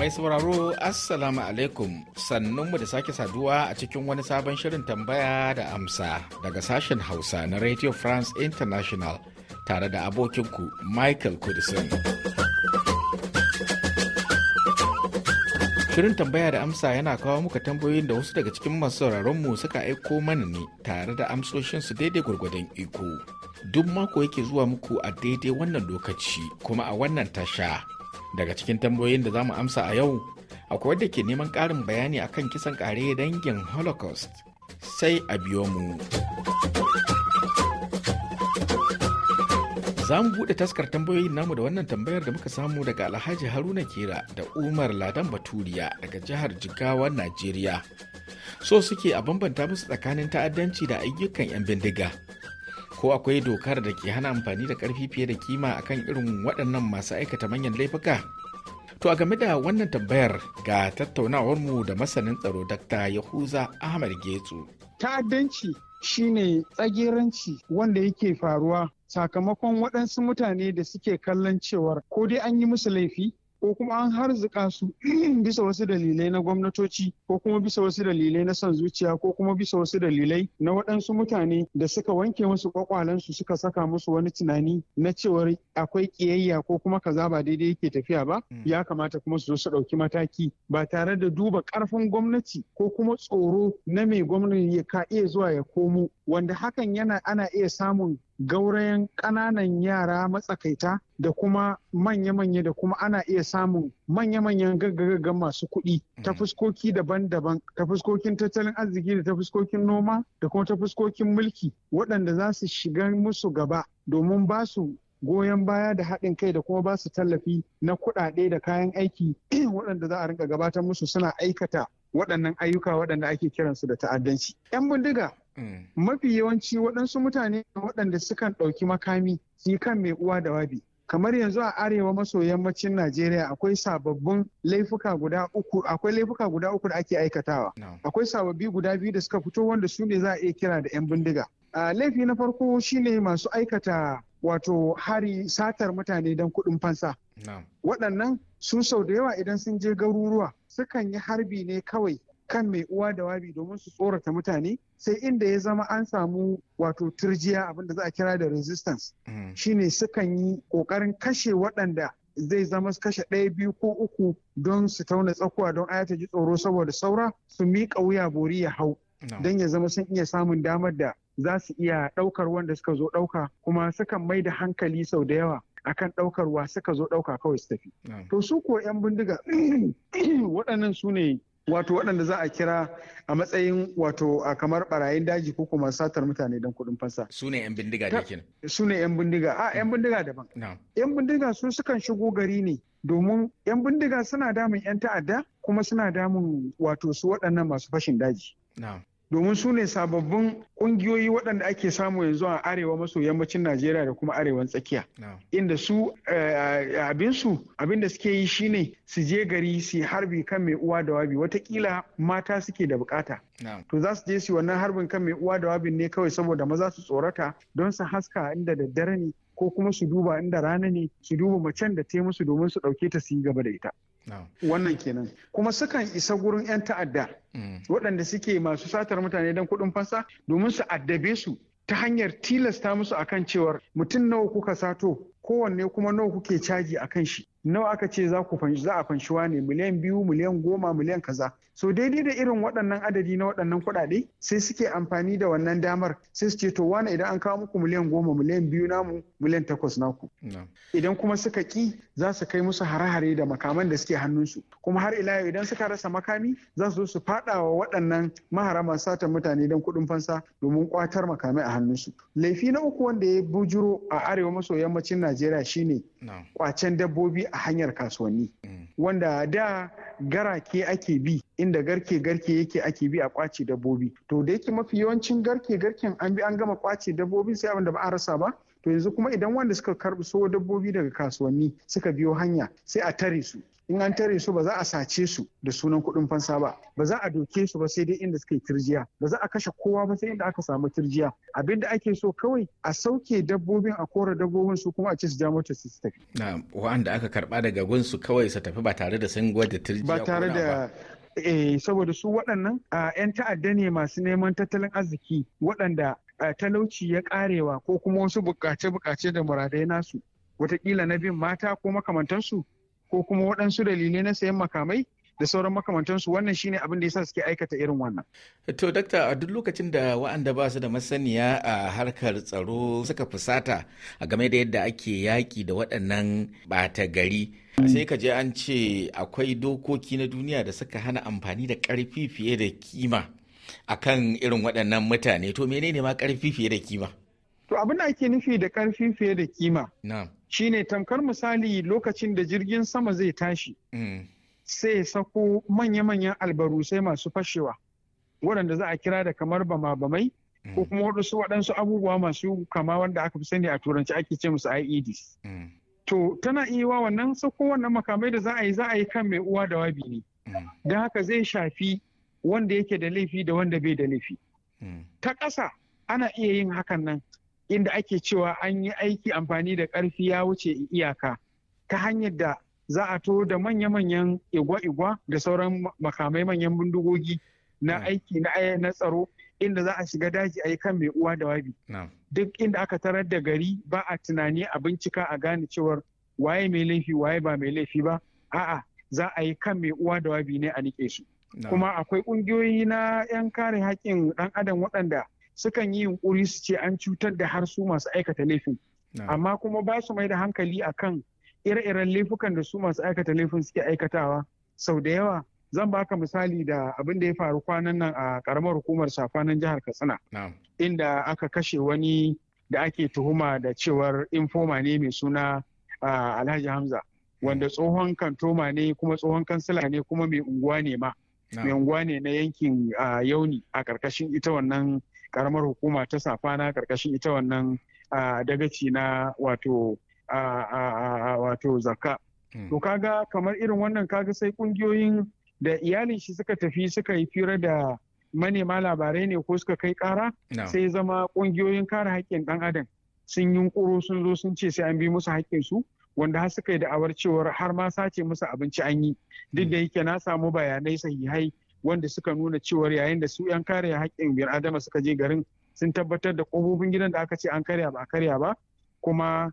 Mai sauraro Assalamu alaikum mu da sake saduwa a cikin wani sabon shirin tambaya da amsa daga sashen Hausa na Radio France International tare da abokinku Michael Kudisin. Shirin tambaya da amsa yana kawo muka tambayoyin da wasu daga cikin masu mu suka aiko mana ne tare da amsoshinsu daidai gwargwadon iko. Duk mako yake zuwa muku a daidai wannan lokaci kuma a wannan tasha. Daga cikin tambayoyin da za mu amsa a yau, akwai wadda ke neman ƙarin bayani akan kisan ƙare dangin Holocaust. Sai a biyo mu. Za mu buɗe taskar tambayoyin namu da wannan tambayar da muka samu daga Alhaji Haruna Kera da Umar Ladan Baturiya daga jihar Jigawa, Najeriya. So suke a bambanta musu tsakanin ta'addanci da ayyukan 'yan bindiga. Ko akwai dokar da ke hana amfani da ƙarfi fiye da kima akan irin waɗannan masu aikata manyan laifuka? To a game da wannan tambayar ga tattaunawarmu da masanin tsaro Dr. Yahuza Ahmad Getsu. Ta'addanci shine tsageranci wanda yake faruwa sakamakon waɗansu mutane da suke kallon cewar ko dai an yi musu laifi ko kuma an harzuka su bisa wasu dalilai na gwamnatoci ko kuma bisa wasu dalilai na son zuciya ko kuma bisa wasu dalilai na waɗansu mutane da suka wanke musu kwakwalensu suka saka musu wani tunani na cewar akwai kiyayya ko kuma kaza ba daidai yake tafiya ba hmm. ya kamata kuma su zo su ɗauki mataki ba tare da duba ƙarfin gwamnati ko kuma tsoro na mai gwamnati ka iya zuwa ya komo wanda hakan yana ana iya samun gaurayen ƙananan yara matsakaita da kuma manya-manya da kuma ana iya samun manya-manyan gaggaga masu kuɗi ta mm. fuskoki daban-daban ta fuskokin tattalin arziki da ta fuskokin noma da kuma ta fuskokin mulki waɗanda za su shiga musu gaba domin ba su goyon baya da haɗin kai da kuma ba su tallafi na kuɗaɗe da kayan aiki waɗanda za a rinka gabatar musu suna aikata waɗannan ayyuka waɗanda ake kiransu da ta'addanci. 'Yan bindiga Mm. mafi yawanci waɗansu mutane waɗanda sukan ɗauki makami su yi kan mai uwa da wabi kamar yanzu a arewa maso yammacin najeriya akwai sababbin laifuka guda uku akwai laifuka guda uku da ake aikatawa akwai sababbi guda biyu da suka fito wanda su ne za a iya kira da 'yan bindiga laifi na farko shine masu aikata wato hari satar mutane don kuɗin fansa waɗannan su sau da yawa idan sun je garuruwa sukan yi harbi ne kawai kan mai uwa da wabi domin su tsorata mutane sai inda ya zama an samu wato turjiya abinda za a kira da resistance mm. shine sukan yi kokarin kashe waɗanda zai zama kashe ɗaya biyu ko uku don su tauna tsakuwa don aya ta ji tsoro saboda saura su miƙa wuya bori ya hau don ya zama sun iya samun damar da za su iya ɗaukar wanda suka zo ɗauka kuma sukan mai da hankali sau da yawa akan ɗaukarwa suka zo ɗauka kawai su tafi. To su kuwa 'yan bindiga waɗannan su ne wato waɗanda za a kira a matsayin wato a kamar barayin daji ko kuma satar mutane don kuɗin fansa. Su ne 'yan bindiga da Su ne 'yan bindiga, a 'yan hmm. bindiga daban. 'Yan bindiga su sukan shigo gari ne domin 'yan bindiga suna damun 'yan ta'adda kuma suna damun wato su waɗannan masu fashin daji. domin su ne sababbin kungiyoyi waɗanda ake samu yanzu a arewa maso yammacin najeriya da kuma arewan tsakiya inda su eh, abinsu abinda suke yi shine su je gari su harbi kan mai uwa da wabi watakila mata suke da bukata to za su je su wannan harbin kan mai uwa da wabin ne kawai saboda maza su tsorata don su haska inda daddare ne ko kuma su duba inda rana ne su duba macen da ta musu domin su ɗauke ta su yi gaba da ita wannan kenan kuma sukan isa gurin 'yan ta'adda mm. waɗanda suke masu satar mutane don kuɗin fansa domin su addabe su ta hanyar tilasta musu akan cewar mutum nawa kuka sato kowanne kuma nawa kuke caji akan shi nawa aka ce za ku za a fanshiwa ne miliyan biyu miliyan goma miliyan kaza so daidai da irin waɗannan adadi na waɗannan kuɗaɗe sai suke amfani da wannan damar sai su ce to wani idan an kawo muku miliyan goma miliyan biyu namu miliyan takwas naku idan kuma suka ki za su kai musu hare-hare da makaman da suke hannunsu kuma har ila idan suka rasa makami za su zo su faɗa wa waɗannan maharama satan mutane don kuɗin fansa domin kwatar makamai a hannunsu laifi na uku wanda ya bujuro a arewa maso yammacin najeriya shine kwacen dabbobi a hanyar kasuwanni mm. wanda da garake ake bi inda garke garke yake ake bi a kwace dabbobi to da yake mafi yawancin garke garken an bi an gama kwace dabbobi sai abinda da ba a rasa ba to yanzu kuma idan wanda suka karbi so dabbobi daga kasuwanni suka biyo hanya sai a tare su in an tare su ba za a sace su da sunan kuɗin fansa ba ba za a doke su ba sai dai inda suka yi tirjiya ba za a kashe kowa ba sai inda aka samu tirjiya abinda ake so kawai a sauke dabbobin a kora dabbobin su kuma a ce su ja mota su tafi na wa'anda aka karba daga gun su kawai su tafi ba tare da sun gwada tirjiya ba tare da eh saboda su waɗannan 'yan ta'adda ne masu neman tattalin arziki waɗanda talauci ya karewa ko kuma wasu bukace-bukace da muradai nasu watakila na bin mata ko makamantansu ko kuma waɗansu dalilai na sayan makamai da sauran makamantansu wannan shine abin da yasa suke aikata irin wannan. To dakta a duk lokacin da wa'anda ba su da masaniya a harkar tsaro suka fusata a game da yadda ake yaƙi da waɗannan ɓata gari sai ka je an ce akwai dokoki na duniya da suka hana amfani da ƙarfi fiye da kima akan irin waɗannan mutane to menene ma ƙarfi fiye da kima? To abin da ake nufi da ƙarfi fiye da kima. shine tamkar misali lokacin da jirgin sama zai tashi mm. sai ya sako manya-manyan albarusai masu fashewa waɗanda za a kira da kamar bama-bamai mm. ko kuma waɗansu waɗansu abubuwa masu kama wanda aka fi sani a turanci ake ce musu IEDs. Mm. To tana iya wannan sako wannan makamai da za a yi za a yi kan mai uwa da wabi ne. Don haka zai shafi wanda yake da laifi da wanda bai da laifi. Ta ƙasa ana iya yin hakan nan inda ake cewa an yi aiki amfani da ƙarfi ya wuce iyaka ta hanyar da za a to da manya-manyan igwa-igwa da sauran makamai manyan bindigogi na hmm. aiki na tsaro inda za a shiga daji a yi kan mai uwa da wabi duk inda aka tarar da gari ba a tunani a bincika a gane cewar waye mai laifi waye ba mai laifi ba a'a za a yi kan mai uwa da wabi ne a nike su kuma akwai ƙungiyoyi na 'yan kare haƙƙin ɗan adam waɗanda sukan yi yunkuri su ce an cutar da har su masu aikata laifin amma kuma ba su mai da hankali akan ire-iren laifukan da su masu aikata laifin suke aikatawa sau da yawa zan baka misali da abin da ya faru kwanan nan a karamar hukumar safanan jihar katsina inda aka kashe wani da ake tuhuma da cewar infoma ne mai suna alhaji hamza wanda tsohon kantoma ne kuma tsohon kansila ne kuma mai unguwa ne ma mai unguwa ne na yankin yauni a karkashin ita wannan karamar hukuma ta safana karkashin ita wannan dagaci na wato wato zakka hmm. to kaga kamar irin wannan kaga sai kungiyoyin da iyalin shi suka tafi suka yi fira da manema labarai ne ko suka kai kara sai zama kungiyoyin kare haƙƙin ɗan adam sun yunkuro sun zo sun ce sai an bi musu haƙƙin su wanda har suka yi da'awar cewar har ma sace musu abinci an yi duk da hmm. yake na samu bayanai sahihai wanda suka nuna cewar yayin da su 'yan kare haƙƙin adama suka je garin sun tabbatar da ƙofofin gidan da aka ce an karya ba a karya ba kuma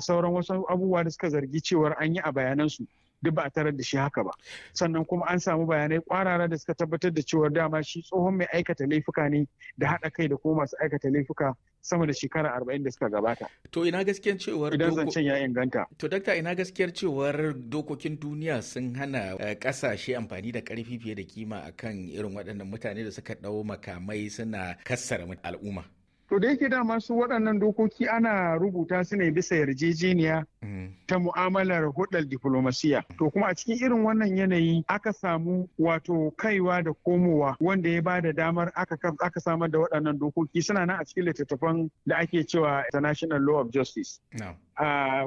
sauran wasu abubuwa da suka zargi cewar an yi a bayanansu duk ba a tarar da shi haka ba sannan kuma an samu bayanai kwarara da suka tabbatar da cewar dama shi tsohon mai aikata laifuka ne da haɗa kai da kuma masu aikata laifuka sama da shekara arba'in da suka gabata. To ina gaskiyar cewar idan zancen ya inganta. To dakta ina gaskiyar cewar dokokin duniya sun hana eh, ƙasashe amfani da karfi fiye da kima akan irin waɗannan mutane da suka ɗau makamai suna kassara al'umma. To da yake dama su waɗannan dokoki ana rubuta su ne bisa yarjejeniya mm. ta mu'amalar hudar diplomasiya. To kuma a cikin irin wannan yanayi aka samu wato kaiwa da komowa wanda ya bada damar aka samar da waɗannan dokoki suna nan a cikin littattafan da ake cewa International Law of Justice.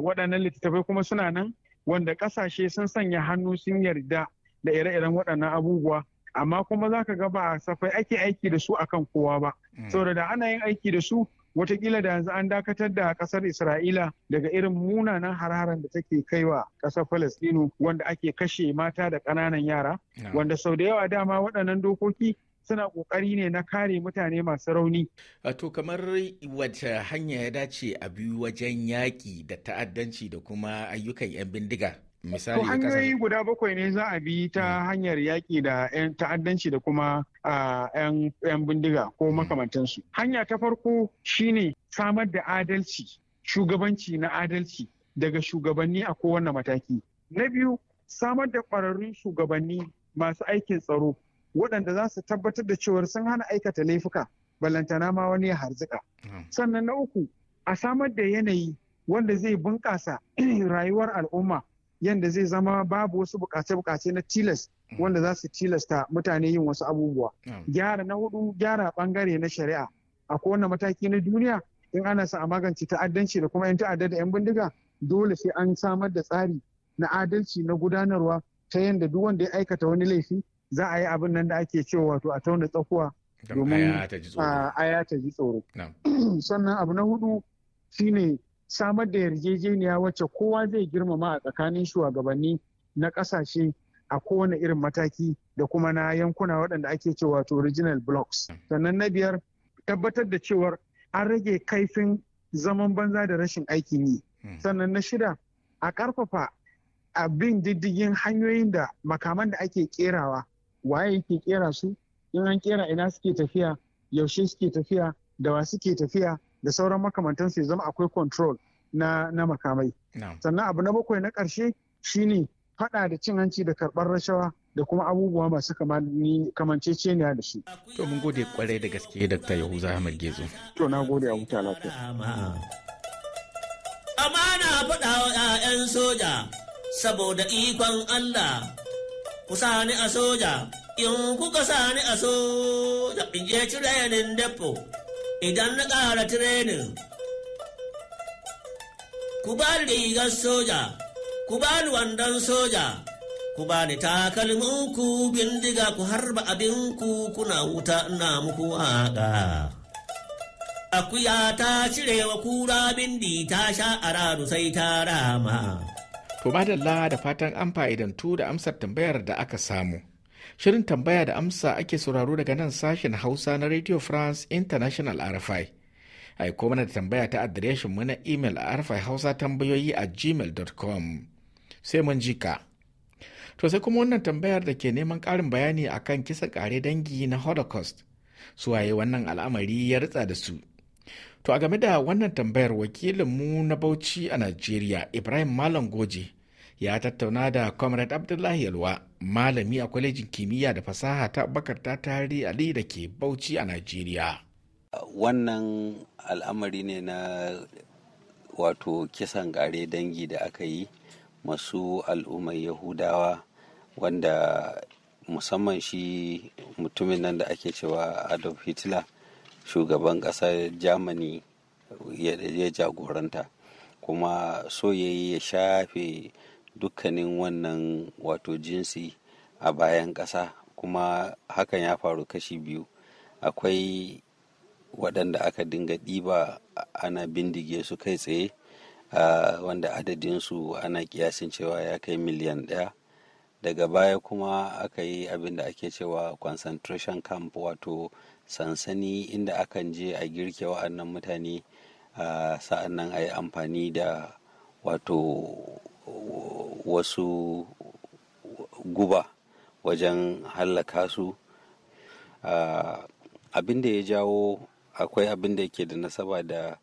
Waɗannan littattafai kuma suna nan wanda ƙasashe sun sanya hannu sun yarda da ire-iren waɗannan abubuwa amma kuma za ka ga ba safai ake aiki da su akan kowa ba hmm. saboda da ana yin aiki da su watakila da yanzu an dakatar da kasar isra'ila daga irin munanan hararen da take kaiwa kasar falastinu wanda ake kashe mata da ƙananan yara wanda sau da yawa dama waɗannan dokoki suna ƙoƙari ne na kare mutane masu rauni. To kamar wata hanya ya dace a biyu wajen yaƙi da ta'addanci da kuma ayyukan 'yan bindiga? misali hanyoyi guda bakwai ne za a bi ta hmm. hanyar yaƙi da 'yan ta'addanci da kuma 'yan bindiga ko hmm. makamantansu hanya ta farko shine samar da adalci shugabanci na adalci daga shugabanni a kowane mataki na biyu samar da ƙwararrun shugabanni masu aikin tsaro waɗanda za su tabbatar da cewar sun hana aikata laifuka balantana ma wani ya harzika hmm. sannan na uku a samar da yanayi wanda zai bunƙasa rayuwar al'umma yadda zai zama babu wasu bukace-bukace na tilas mm. wanda za su tilasta mutane yin wasu abubuwa mm. gyara na hudu gyara bangare na shari'a a kowane mataki na duniya in ana sa a magance ta'addanci da kuma 'yan ta'adda da 'yan bindiga dole sai an samar da tsari na adalci na gudanarwa ta yadda duk wanda ya aikata wani laifi za a yi abin nan da ake cewa wato a tauna tsakuwa domin aya ta ji tsoro sannan abu na hudu shine samar da yarjejeniya wacce kowa zai girmama a tsakanin shugabanni na kasashe a kowane irin mataki da kuma na yankuna waɗanda ake cewa wato original blocks sannan na biyar tabbatar da cewar an rage kaifin zaman banza da rashin aikin yi hmm. sannan na shida a ƙarfafa abin diddigin hanyoyin da makaman da ake kerawa waye yake kera su in an kera ina suke tafiya yaushe suke tafiya da wa suke tafiya da sauran makamantansu ya zama akwai control na, na makamai. Sannan abu na bakwai na ƙarshe ne faɗa da cin hanci da karɓar rashawa da kuma abubuwa masu kamanceceniya da shi. To mun gode kwarai da gaske Dr. Yahuza Ahmad Gezo. To na gode a huta lafiya. Amana faɗa wa 'ya'yan soja saboda ikon Allah ku sani a soja in kuka sani a soja in je cire depo. idan na ƙara tirenin ku ba ni rigar soja ku ba ni wandon soja ku ba ni takalminku bindiga ku harba abinku kuna wuta ina muku waƙa akuya ta cirewa kura bindi ta sha a radu sai ta rama To madalla da fatan an fa'idantu da amsar tambayar da aka samu. Shirin tambaya da amsa ake sauraro daga nan sashen Hausa na Radio France International RFI. Aiko mana da tambaya ta adireshin mu na email a RFI Hausa tambayoyi a gmail.com. Sai mun jika. To sai kuma wannan tambayar da ke neman karin bayani akan kisa kare dangi na Holocaust. su waye wannan al'amari ya ritsa da su. To a game da wannan tambayar wakilinmu na Bauchi a nigeria Ibrahim Malam Goje ya tattauna da comrade abdullahi yalwa malami a kwalejin kimiyya da fasaha ta bakar ta tari ali da ke bauchi a nigeria. wannan al'amari ne na wato kisan gare dangi da aka yi masu al'ummar yahudawa wanda musamman shi mutumin nan da ake cewa adolf hitler shugaban ƙasar germany ya jagoranta kuma so ya shafe dukkanin wannan wato jinsi a bayan ƙasa kuma hakan ya faru kashi biyu akwai waɗanda aka dinga ɗiba ana bindige su kai tsaye wanda adadinsu ana kiyasin cewa ya kai miliyan ɗaya daga baya kuma aka yi abin da ake cewa concentration camp wato sansani inda akan je a girke wa'annan mutane sa'an nan a yi amfani da wato wasu guba wajen hallaka su abin da ya jawo akwai abin da ke da nasaba da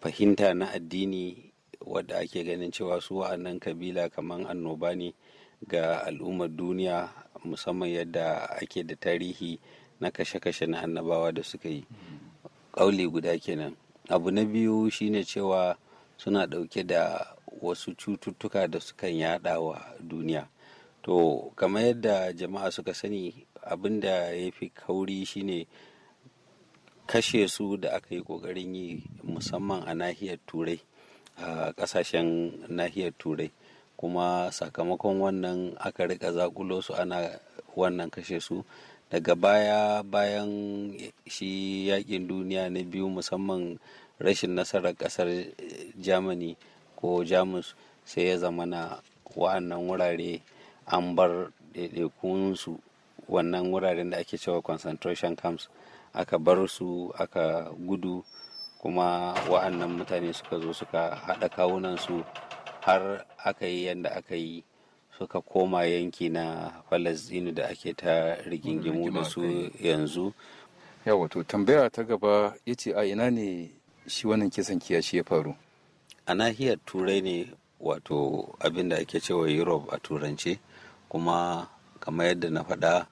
fahimta na addini wadda ake ganin cewa su wa'annan kabila kamar annoba ne ga al'ummar duniya musamman yadda ake da tarihi na kashe-kashe na annabawa da suka yi ƙauli guda kenan abu na biyu shine cewa suna dauke da wasu cututtuka da sukan yada wa duniya to kamar yadda jama'a suka sani abin da ya fi kauri shine kashe su da aka yi kokarin yi musamman a nahiyar turai a kasashen nahiyar turai kuma sakamakon wannan aka rika zakulo su ana wannan kashe su daga baya bayan shi yakin duniya na biyu musamman rashin nasarar kasar germany ko jamus sai ya zama na wa'annan wurare an bar su wannan wuraren da ake cewa concentration camps aka bar su aka gudu kuma wa'annan mutane suka zo suka haɗa kawunansu har aka yi yadda aka yi suka koma yanki na falasdinu da ake ta rigingimu da su yanzu yawa to tambaya ta gaba ya ce a ina ne shi wannan kisan kiyashi ya faru a nahiyar turai ne wato abin da ake cewa europe a turance kuma kamar yadda na faɗa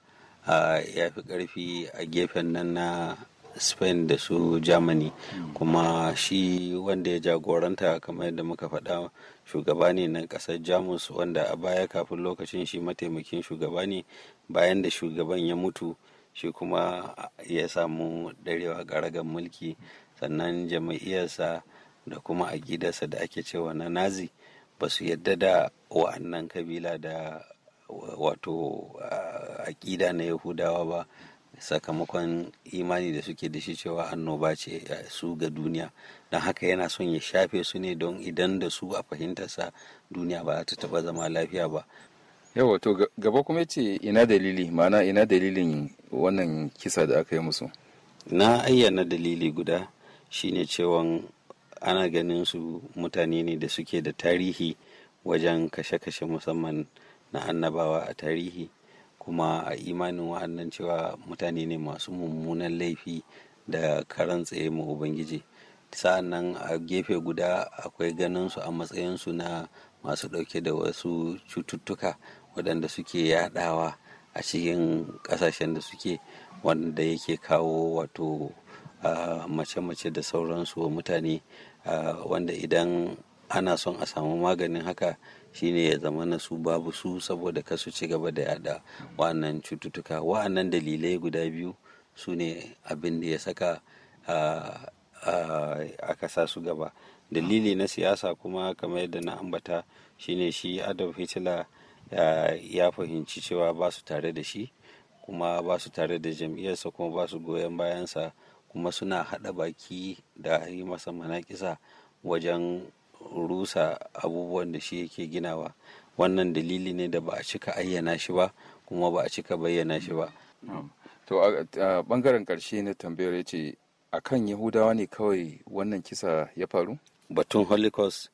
ya fi ƙarfi a gefen nan na spain da su germany hmm. kuma shi wanda ya jagoranta kamar yadda muka faɗa shugaba ne na ƙasar jamus wanda a baya kafin lokacin shi mataimakin shugaba ne bayan da shugaban ya mutu shi kuma ya samu ɗarewa garagan mulki sannan jama'iyyarsa da kuma a gidansa da ake cewa na nazi ba su yadda da wa'annan kabila da wato ah, aƙida na yahudawa ba sakamakon imani da suke da shi cewa annoba ce eh, su ga duniya don haka yana son ya shafe su ne don idan da su a fahimtarsa duniya ba za ta taba zama lafiya ba yawa to gaba kuma ce ina dalili Mana ina dalilin wannan kisa da aka yi musu na ayyana dalili guda shine cewan ana ganin su mutane ne da suke da tarihi wajen kashe-kashe musamman na annabawa a tarihi kuma a imanin wa'annan cewa mutane ne masu mummunan laifi da karan tsaye mu ubangiji sa'an nan a gefe guda akwai ganin su a matsayinsu na masu ɗauke da wasu cututtuka waɗanda suke yaɗawa a cikin ƙasashen da suke wanda yake kawo wato ah, mace-mace da sauransu wa mutane wanda idan ana son a samu maganin haka shine ya zama na su babu su saboda kasu ci gaba da yada wa'annan cututtuka wa'annan dalilai guda biyu su ne abin da ya saka a kasa su gaba dalili na siyasa kuma kamar yadda na ambata shine shi adolf hitler ya fahimci cewa ba su tare da shi kuma ba su tare da jam'iyyarsa kuma ba su goyon bayansa kuma suna haɗa baki da yi masa manakisa wajen rusa abubuwan da shi yake ginawa wannan dalili ne da ba a cika ayyana shi ba kuma ba a cika bayyana shi ba to a bangaren karshe na tambayar ya ce a kan yahudawa ne kawai wannan kisa ya faru batun holocaust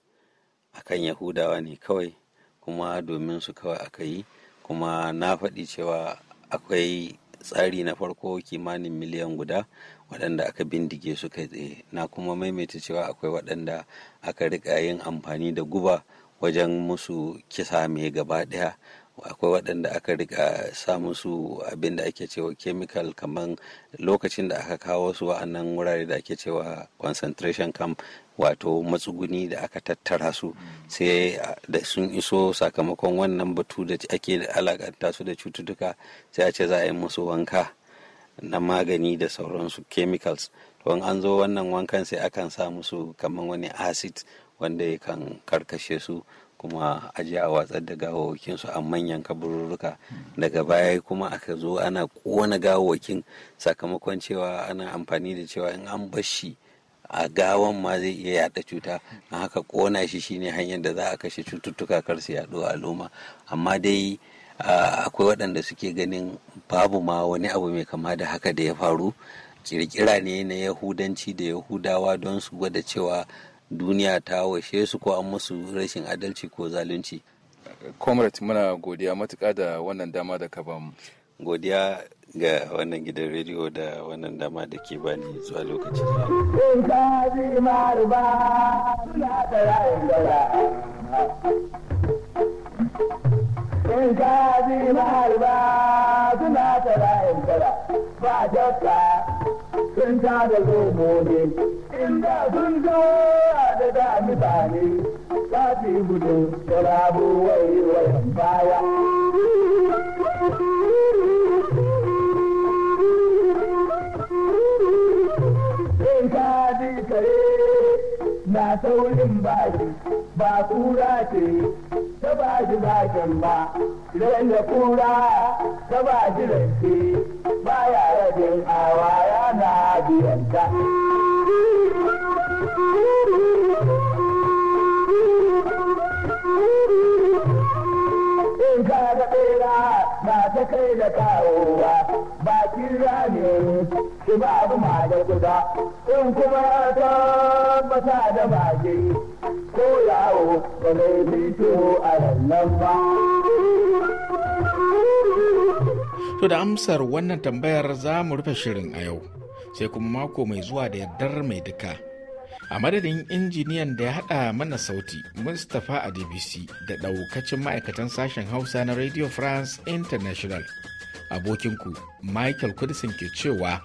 a kan yahudawa ne kawai kuma domin su kawai aka yi kuma na faɗi cewa akwai tsari na farko kimanin miliyan guda waɗanda aka bindige su kai tsaye na kuma maimaita cewa akwai waɗanda aka riƙa yin amfani da guba wajen musu kisa mai gaba ɗaya akwai waɗanda aka riƙa sa musu abin da ake cewa chemical kamar lokacin da aka kawo su wa'annan wurare da ake cewa concentration camp wato matsuguni da aka tattara su sai da sun iso sakamakon wannan batu da ake alakanta su da cututtuka sai a ce za a yi musu wanka na magani da sauransu chemicals don an zo wannan wankan sai akan sa musu kamar wani acid wanda yakan karkashe su kuma ji a watsar da gawawakin su a manyan kaburruka daga baya kuma aka zo ana kona gawawakin sakamakon cewa ana amfani da cewa in an bashi a gawan ma zai iya yada cuta na haka kona shi shine hanyar da za a kashe cututtuka kar su yadu a al'umma amma dai Ah, akwai waɗanda suke ganin babu ma wani abu mai kama da haka da ya faru Ƙirƙira ne na yahudanci da yahudawa don su gwada cewa duniya ta washe su ko an musu rashin adalci ko zalunci comrade muna godiya matuƙa da wannan dama da ka bamu godiya ga wannan gidan rediyo da wannan dama da ke bani zuwa lokaci in ka ji maharba suna tara in tara ba jakka sun ta da zobo ne inda sun zo da da mutane ba su gudu turabu wai wayan baya in ka ji kare na saurin bashi ba kura ce ta ba shi bashin ba da kura ta ba shi rance ba ya rajin awa yana biyanta ta kai da kawo ba bakin rami shi ba ma da guda in kuma ta bata da baki ko yawo ba zai fito a nan ba. To da amsar wannan tambayar za mu rufe shirin a yau sai kuma mako mai zuwa da yardar mai duka. a madadin injiniyan da ya haɗa mana sauti mustapha a dbc da ɗaukacin ma'aikatan sashen hausa na radio france international abokinku michael kudisin ke cewa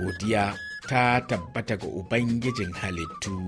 godiya ta tabbata ga ubangijin halittu